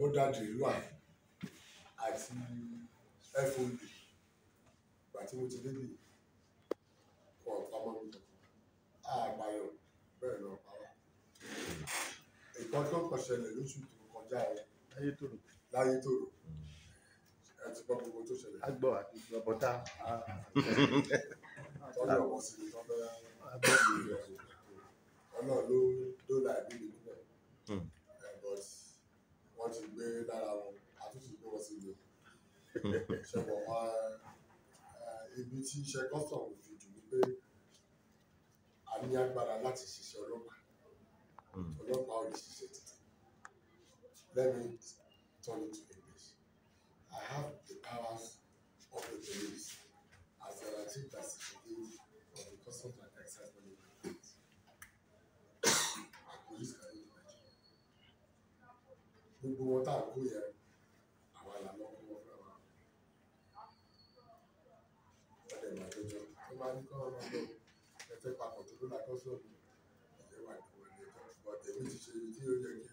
bọ́dà dèrúà àti fob ìgbà tí mo ti dé nìyí wọn ò pamọ́ mi àgbáyọ bẹ́ẹ̀ lọ pàwọ́ nǹkan tó kàn ṣẹlẹ̀ lóṣù tó kọjá ẹ láyé tòrò láyé tòrò ẹ ti gbọ́ gbogbo tó ṣẹlẹ̀. a gbọ́ àti gbọ́ bọ́tà. tọ́jú ọ̀pọ̀ sí i tọ́jú ọ̀pọ̀ sí i ọlọ́run ló. wọ́n ti gbé lára wọn àtúntò gbé wọn sí ilé ṣẹ̀pọ̀ wọn eh, ibi tí iṣẹ́ custom fi jù ní pé a ní agbára láti ṣiṣẹ́ ọlọ́pàá hmm. ọlọ́pàá ò lè ṣiṣẹ́ títí let me turn it to English I have the power. gbogbo wọn tá à ń kó yẹn àwa là lọ kó wọn fúnra wa ọdẹ ìgbàjọjọ tó bá ní kọ́ ọmọ lọ ẹfẹ́ papọ̀ tó ló kọ́ sọ̀rọ̀ ìyẹn wà ní wọlé ẹjọ́ ṣùgbọ́n tèmi ti ṣe ibi tí ó yẹ kí